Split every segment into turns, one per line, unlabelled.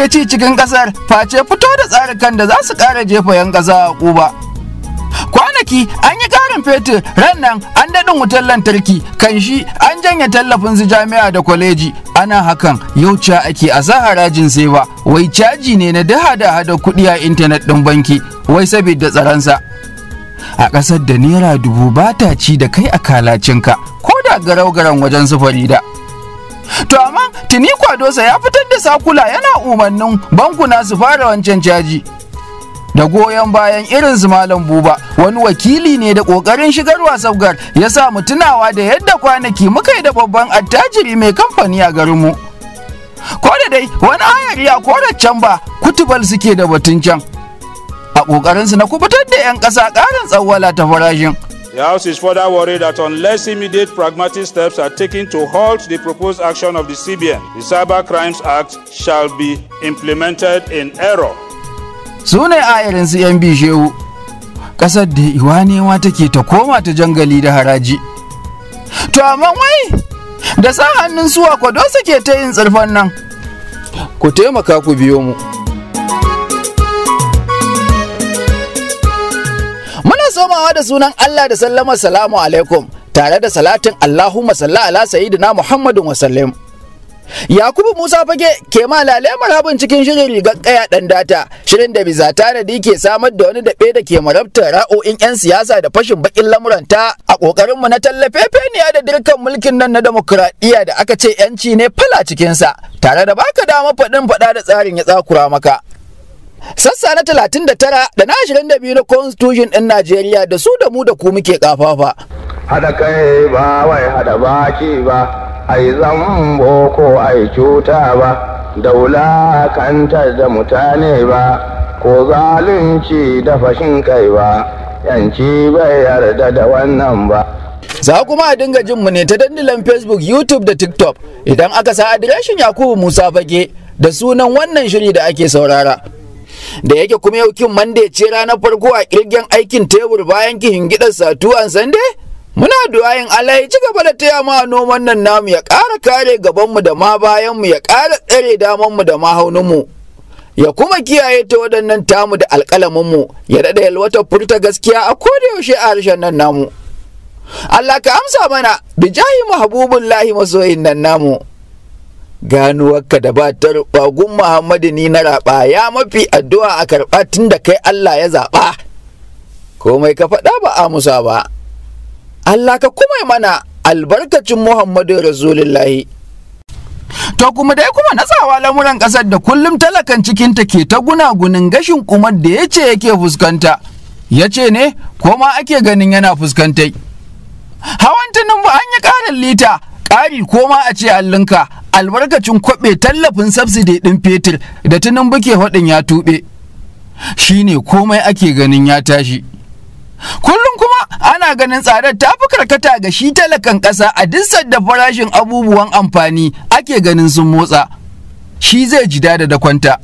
ke ci cikin kasar face fito da tsarukan da za su kara jefa yan kasa a kuba kwanaki an yi karin fetur ran nan an daɗin wutar lantarki kan shi an janye tallafin su jami'a da kwaleji ana hakan yau ca ake a sa harajin sai ba wai caji ne na daha da hada kuɗi a intanet ɗin banki wai saboda tsaronsa a ƙasar da naira dubu ba ta ci da kai a kalacinka ko da garau-garan wajen su farida. to amma tuni kwadosa ya fitar da sakula yana umarnin bankuna su fara wancan caji da goyon bayan irin su malam buba wani wakili ne da kokarin shigarwa sabgar ya sa mu tunawa da yadda kwanaki muka yi da babban attajiri mai kamfani a garinmu ko da dai wani ayari a korar can ba kutubal suke da batun can a kokarinsu na kubutar da 'yan ƙasa ƙarin tsawwala ta farashin The House is further worried that unless immediate pragmatic steps are taken to halt the proposed action of the CBN, the Cyber Crimes Act shall be implemented in error. Su ne a irin su 'yan bishewu, ƙasar da iwanewa take ta koma ta jangali da haraji. To amma wai da sa hannun suwa kwado suke ta yin tsirfan nan. Ku taimaka ku biyo mu. somawa da sunan Allah da sallama salamu alaikum tare da salatin Allahumma salla ala sayyidina Muhammadin wa sallim. Yakubu Musa Fage ke ma lalemar habin cikin shirin rigar kaya dan data shirin da biza tanadi ke samar da wani daɓe da ke marabtar ra'o'in 'yan siyasa da fashin bakin lamuranta a mu na tallafe feniya da dirkan mulkin nan na demokuraɗiyya da aka ce 'yanci ne fala cikinsa tare da baka dama faɗin faɗa da tsarin ya tsakura maka. Sassa na 39 da na 22 na Constitution ɗin Najeriya da su da mu da ku muke kafafa. Hada kai ba wai haɗa baki ba, ai zambo ko ai cuta ba, daula kantar da mutane ba, ko zalunci da fashin kai ba, yanci bai yarda da wannan ba. za kuma a dinga jin mu ne ta dandalin facebook youtube da tiktok idan aka sa adireshin yakubu musa fage da sunan wannan shiri da ake saurara da yake kuma yau kin mande ce ranar farko a kirgen aikin tebur bayan ki hingidar an sande muna du'ayin Allah ya ci gaba da taya ma noman nan namu ya ƙara kare gabanmu da ma bayanmu ya ƙara tsare damanmu da ma hauninmu ya kuma kiyaye ta waɗannan tamu da alƙalaminmu ya daɗa yalwatar furta gaskiya a kodayaushe a harshen nan namu Allah ka amsa mana bijahi mahabubullahi masoyin nan namu ganuwarka da ba ta rubagun muhammadu ni na raba ya mafi addu'a a karɓa tun da kai allah ya zaɓa komai ka faɗa ba a musa ba allah ka kuma mana albarkacin muhammadu rasulullahi to kuma dai kuma tsawa lamuran ƙasar da kullum talakan cikinta ke ta gunagunin gashin kumar da ya ce yake fuskanta ya ce ne ko ake ganin yana fuskantai hawan tunan ba an yi ƙarin lita ƙari ko ma a ce hallinka albarkacin kwaɓe tallafin sabsidi ɗin fetur da tunan buke faɗin ya tuɓe shi ne komai ake ganin ya tashi kullum kuma ana ganin tsadar ta fi karkata ga shi talakan ƙasa a duk da farashin abubuwan amfani ake ganin sun motsa shi zai ji da da kwanta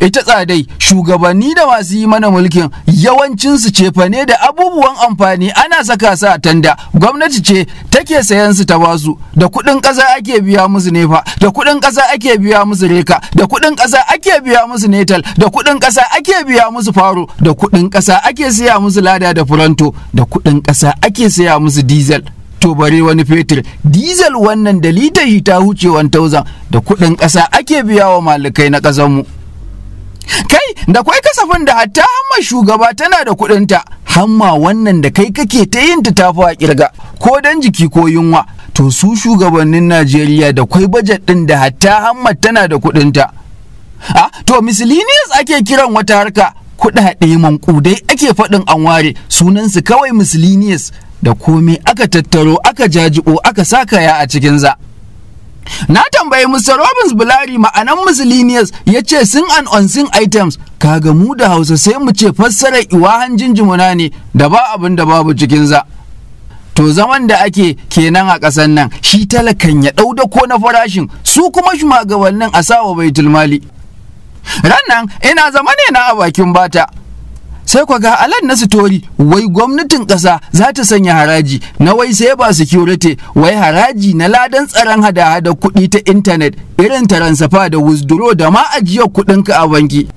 ita tsadai shugabanni da masu yi mana mulkin yawancinsu ne da abubuwan amfani ana saka sa tanda gwamnati ce take sayan su ta basu da kuɗin ƙasa ake biya musu nefa da kuɗin ƙasa ake biya musu reka da kuɗin ƙasa ake biya musu netal da kuɗin ƙasa ake biya musu faro da kuɗin ƙasa ake siya musu lada da furanto da kuɗin ƙasa ake siya musu diesel to bare wani fetur diesel wannan da litahi ta huce 1000 da kuɗin ƙasa ake biya wa malikai na ƙasarmu. kai da kwai kasafin da hatta hamma shugaba tana da kuɗinta hamma wannan da kai kake ta yin ta tafi a kirga ko dan jiki ko yunwa to su shugabannin najeriya da kwai bajet ɗin da hatta hamma tana da kuɗinta a ah, to miscellaneous ake kiran wata harka kuɗaɗe mankudai ake faɗin an ware sunansu kawai miscellaneous da komai aka tattaro aka jajibo aka sa kaya a cikin za. na tambayi Mr. robins Bulari ma'anan miscellaneous ya ce sin on unseen items kaga mu da Hausa sai mu ce fassarar iwahan jinjimuna ne da ba abin da babu za. To zaman da ake kenan a ƙasan nan shi talakan ya ɗau ko na farashin su kuma shugabannin a sawa baitul mali. Rannan ina zama ne na a bakin bata sai ku ga alan na sitori wai gwamnatin ƙasa za ta sanya haraji na wai sai ba security wai haraji na ladan tsaron hada-hada kuɗi ta intanet irin taransafa da withdraw da ma ajiyar kuɗinka a banki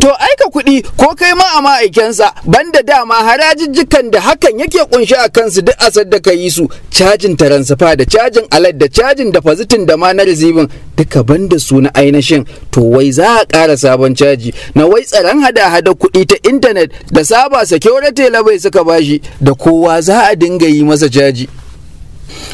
to aika kuɗi ko kai ma a ma'aikensa banda dama harajijjikan da hakan yake kunshi a kansu duk asar da ka yi su cajin taransifa da cajin alad da cajin da fazitin da ma na rizibin duka banda su na ainihin to wai za a ƙara sabon caji na wai tsaron hada-hada kuɗi ta intanet da saba security labai suka bashi da kowa za a dinga yi masa caji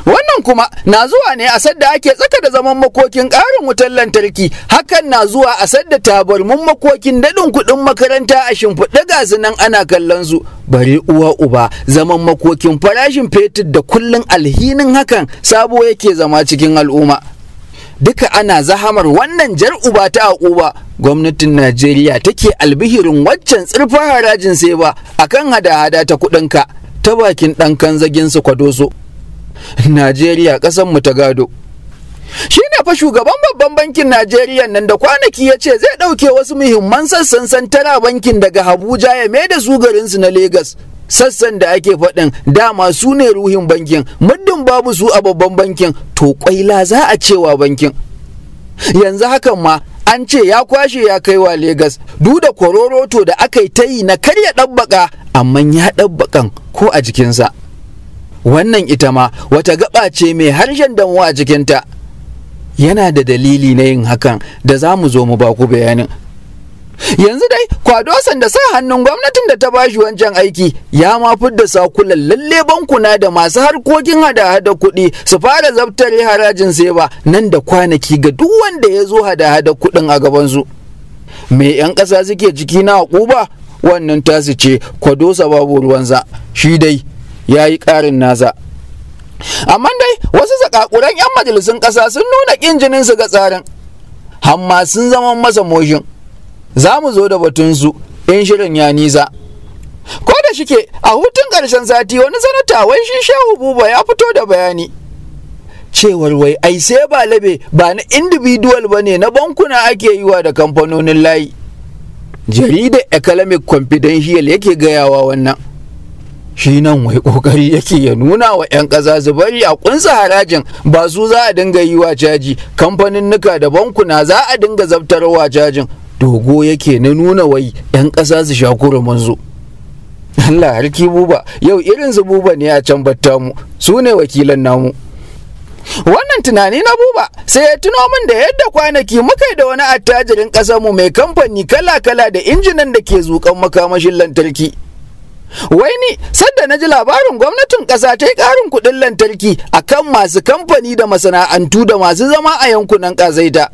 wannan kuma na zuwa ne a sadda ake tsaka da zaman makokin ƙarin wutar lantarki hakan na zuwa a sadda tabarmun makokin daɗin kuɗin makaranta a shimfiɗa gasu nan ana kallon su bari uwa uba zaman makokin farashin fetur da kullun alhinin hakan sabo yake zama cikin al'umma duka ana zahamar wannan jar uba ta uba gwamnatin najeriya take albihirin waccan tsirfa harajin sai ba akan hada-hada ta kuɗinka ta bakin ɗan kan zagin su kwadoso najeriya ƙasar mu ta gado shi ne fa shugaban babban bankin najeriya nan da kwanaki ya ce zai ɗauke wasu muhimman sassan santara bankin daga abuja ya mai da su garinsu na Legas. sassan da ake faɗin dama su ne ruhin bankin muddin babu su a babban bankin to kwaila za a cewa bankin yanzu hakan ma an ce ya kwashe ya kai wa Legas duk da kororoto da aka yi ta yi na karya ɗabbaƙa amma ya ɗabbaƙan ko a jikinsa. wannan ita ma wata gaba ce mai harshen damuwa a cikinta yana da dalili na yin hakan da za mu zo mu ba ku bayanin yanzu dai kwadosan da sa hannun gwamnatin da ta bashi wancan aiki ya ma fidda sakulan lalle bankuna da masu harkokin hada-hada kuɗi su fara zabtare harajin sai ba nan da kwanaki ga duk wanda ya zo hada-hada kuɗin a gabansu me 'yan ƙasa suke ciki na ba? wannan tasi ce kwadosa babu ruwansa shi dai ya yi ƙarin nasa amma dai wasu zakakuran 'yan majalisun ƙasa sun nuna ƙin jininsu ga tsarin hamma sun zama masa moshin za mu zo da batunsu in shirin ya nisa ko da shike a hutun ƙarshen sati wani sanata wai shi shehu buba ya fito da bayani cewar wai ai sai ba labe ba na individual ba ne na bankuna ake yi wa da kamfanonin layi jaridar economic confidential yake gayawa wannan shi nan wai kokari yake ya nuna wa 'yan ƙasa su bari a kunsa harajin ba su za a dinga yi wa caji kamfanin nuka da bankuna za a dinga zabtarwa cajin dogo yake na nuna wai 'yan ƙasa su sha manzo Allah harki buba yau irin su buba ne a can batta mu su ne wakilan namu wannan tunani na buba sai ya tuno min da yadda kwanaki muka da wani attajirin ƙasarmu mai kamfani kala-kala da injinan da ke zuƙan makamashin lantarki wai ni sadda na ji labarin gwamnatin ƙasa ta yi ƙarin kuɗin lantarki a kan masu kamfani da masana'antu da masu zama a yankunan ƙazaita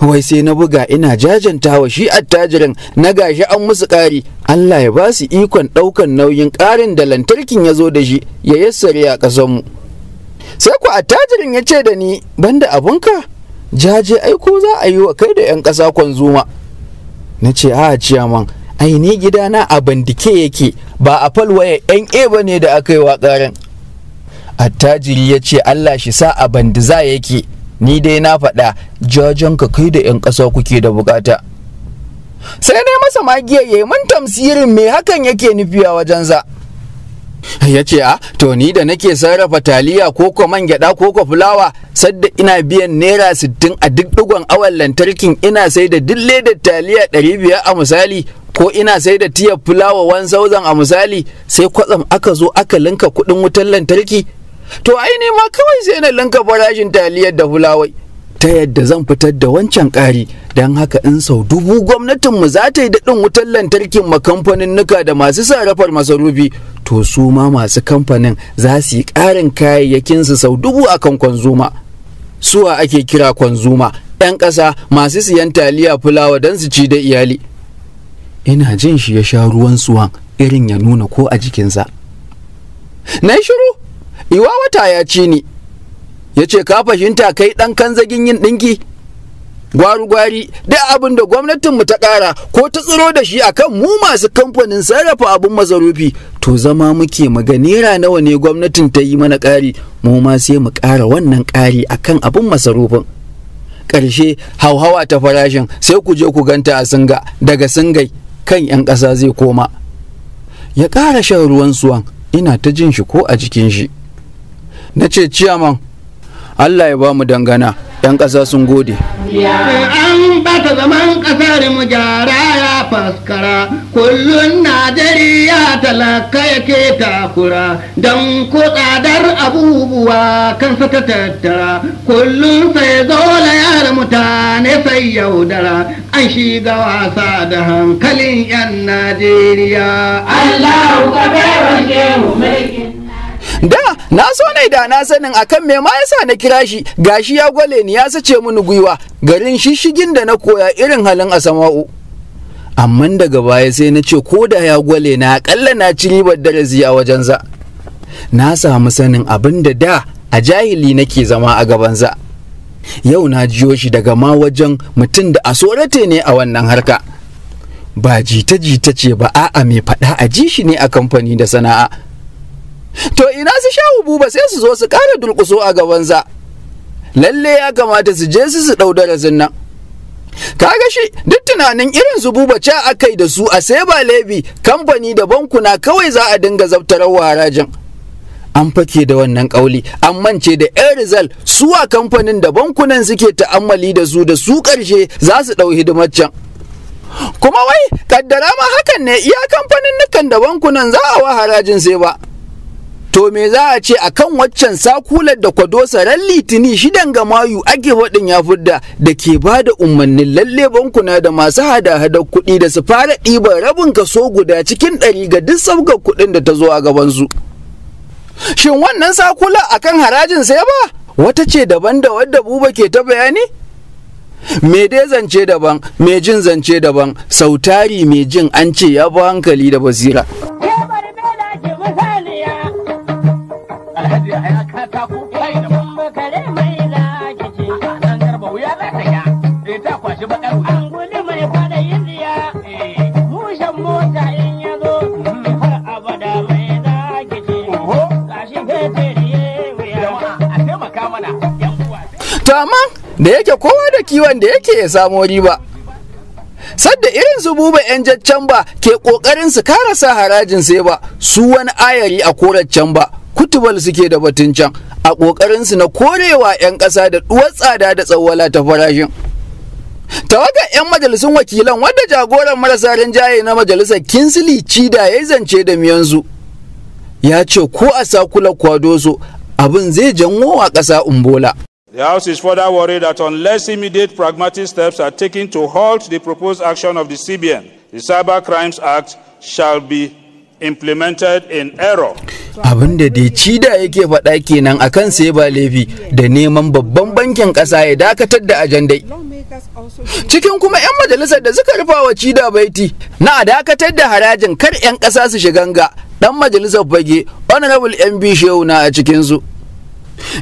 wai sai na buga ina jajanta wa shi attajirin na gashi an musu ƙari Allah ya ba su ikon ɗaukan nauyin ƙarin da lantarkin ya zo da shi ya yassare a ƙasanmu sai ku attajirin ya ce da ni banda ka? jaje aiko za a yi wa kai da 'yan ƙasa kwanzuma na ce a ciyaman aini gidana a bandike yake ba a falwaye yan ba ne da aka yi wa ƙaran attajiri ya ce allah shi sa a bandiza yake ni dai na faɗa ka kai da 'yan ƙasa kuke da bukata sai dai masa magiya ya yi tamsirin me hakan yake nufi a wajensa ya ce a ah, to ni da nake sarrafa taliya ko ko man gyada ko ko fulawa sadda ina biyan naira sittin a duk digon awan lantarkin ina sai da duk da taliya ɗari biyar a misali ko ina sai da tiyar fulawa sauzan, a misali sai kwatsam aka zo aka linka kuɗin wutar lantarki to aini ma kawai sai na linka farashin taliyar da fulawai ta yadda zan fitar da wancan ƙari don haka in sau dubu gwamnatinmu za ta yi daɗin wutar lantarkin ma kamfanin nuka da masu sarrafar masarufi to su ma masu kamfanin za su yi ƙarin kayayyakin su sau dubu akan kwanzuma suwa ake kira kwanzuma 'yan ƙasa masu siyan taliya fulawa don su ci da iyali ina jin shi ya sha ruwan suwan irin ya nuna ko a jikinsa na shiru iwa wata ya ci ni ya ce ka fahimta kai ɗan kanzagin yin dinki? gwaru gwari da abin da gwamnatinmu ta ƙara ko ta tsiro da shi akan mu masu kamfanin sarrafa abin masarufi to zama muke maganira nawa ne gwamnatin ta yi mana ƙari mu ma sai mu ƙara wannan ƙari akan abin masarufin ƙarshe hauhawa ta farashin sai ku je ku ganta a singa daga singai kan 'yan ƙasa zai koma ya ƙara shan ruwan suwan ina ta jin shi ko a jikin shi na ce ciyaman Allah ya ba mu dangana 'yan ƙasa sun gode. An bata zaman ƙasar mu gyara ya faskara, kullum Najeriya talaka yake takura, don ko tsadar abubuwa kan sata tattara, kullum sai zola yara mutane sai yaudara, an shiga wasa da hankalin 'yan Najeriya. Allah ka bai mu mulkin. da na so ne da na sanin akan me ma yasa na kira shi gashi ya gwale ni ya sace mini gwiwa garin shishigin da na koya irin halin asama'u amma daga baya sai na ce ko da ya gwale na akalla na ci ribar darasi a wajensa na samu sanin abin da da a jahili nake zama a gabansa yau na jiyo shi daga ma wajen mutum da asorate ne a wannan harka ba jita-jita ce ba a'a mai faɗa a ji shi ne a kamfani da sana'a to ina su sha buba sai su zo su ƙara dulkuso a gabanza lalle ya kamata su je su su ɗau darasin nan kaga shi duk tunanin irin su buba ca akayi da su a sai ba lebi kamfani da bankuna kawai za a dinga zabtarar harajin an fake da wannan kauli an mance da yan rizal su kamfanin da bankunan suke ta'ammali da su da su karshe za su ɗau hidimar can kuma wai kaddara ma hakan ne iya kamfanin nukan da bankunan za a wa harajin sai ba to me za a ce akan waccan sakular da kwadosa ran litini shidan ga mayu ake waɗin ya fudda da ke ba da umarnin lalle bankuna da masu hada-hadar kuɗi da su fara ɗiban rabin kaso guda cikin ɗari ga duk sabgar kuɗin da ta zo a gabansu. Shin wannan sakula akan harajin sai ba? Wata ce daban da wadda buba ke ta bayani? Me dai zance daban, me jin zance daban, sautari me jin an ce ya bi hankali da basira. da yake kowa da kiwon da yake ya samo riba. Sadda irin su buba 'yan jaccan ba ke kokarin su karasa harajin sai ba su wani ayari a can ba kutubal suke da batun can a kokarin su na korewa 'yan kasa da ɗuwar tsada da tsawwala ta farashin. tawagar 'yan majalisun wakilan wadda jagoran marasa rinjaye na majalisar kinsili cida ya zance da miyanzu ya ce ko a sakula kwadoso abin zai janwo a ƙasa umbola The House is further worried that unless immediate pragmatic steps are taken to halt the proposed action of the CBN, the Cyber Crimes Act shall be implemented in error. Abin da dai cida yake faɗa kenan akan sai ba da neman babban bankin ƙasa ya dakatar da ajandai. Cikin kuma 'yan majalisar da suka rufa wa Cida Baiti na a dakatar da harajin kar 'yan ƙasa su shiganga ɗan majalisar fage Honorable MB Shehu na a cikinsu.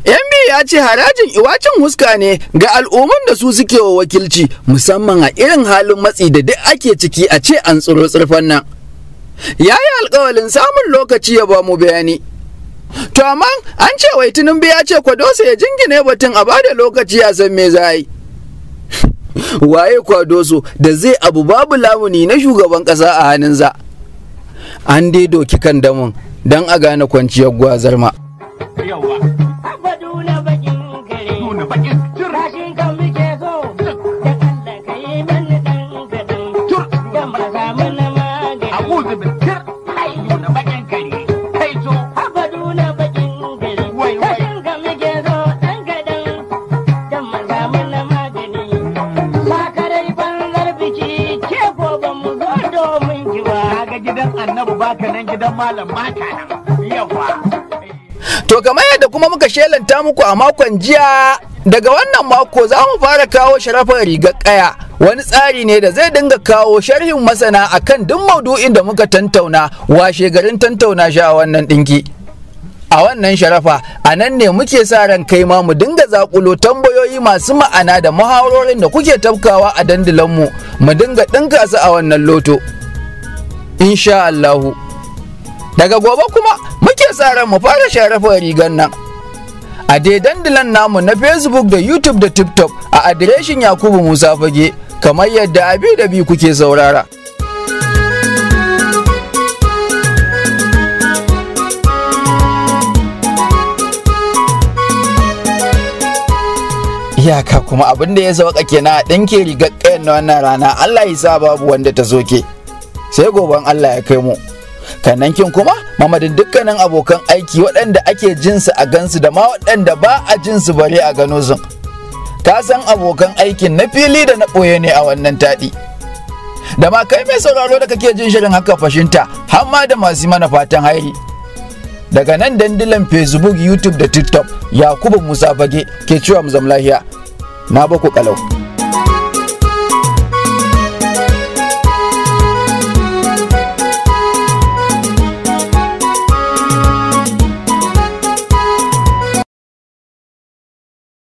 MB ya ce harajin iwacin huska ne ga al'umman da su suke wa wakilci musamman a irin halin matsi da duk ake ciki a ce an tsoro tsirfan nan. Ya yi alkawalin samun lokaci ya ba mu bayani. To amma an ce wai tunin ya ce kwadosa ya jingine batun a bada lokaci a san me za yi. waye kwadoso da zai abu babu lamuni na shugaban ƙasa a hannunsa an dai doki kan damon don a gane kwanciyar gwazarma. to kamar yadda kuma muka shelanta muku a makon jiya daga wannan mako za mu fara kawo sharafin rigar kaya wani tsari ne da zai dinga kawo sharhin masana a kan duk maudu'in da muka tantauna washe garin tantauna shi a wannan dinki a wannan sharafa a nan ne muke sa ran kai ma mu dinga zakulo tambayoyi masu ma'ana da muhawarorin da kuke tafkawa a dandulanmu mu dinga dinka su a wannan loto insha Allahu daga gobe kuma muke ran mu fara sharafa rigar nan a dandalan namu na facebook da youtube da tiktok a adireshin yakubu musa fage kamar yadda abi da bi kuke saurara iyaka kuma abin da ya sauka na a ɗinke rigar kayan na wannan rana allah ya sa babu wanda ta ke, sai goben allah ya kai mu kanankin kuma mamadin dukkanin abokan aiki waɗanda ake jinsu a gansu da ma waɗanda ba a jinsu bare a gano sun ka san abokan aikin na fili da na ɓoye ne a wannan taɗi da ma kai mai sauraro da kake jin shirin haka fashinta har ma da masu mana fatan hairi daga nan dandilan facebook youtube da tiktok yakubu musa fage ke cewa mu zam lahiya na baku kalau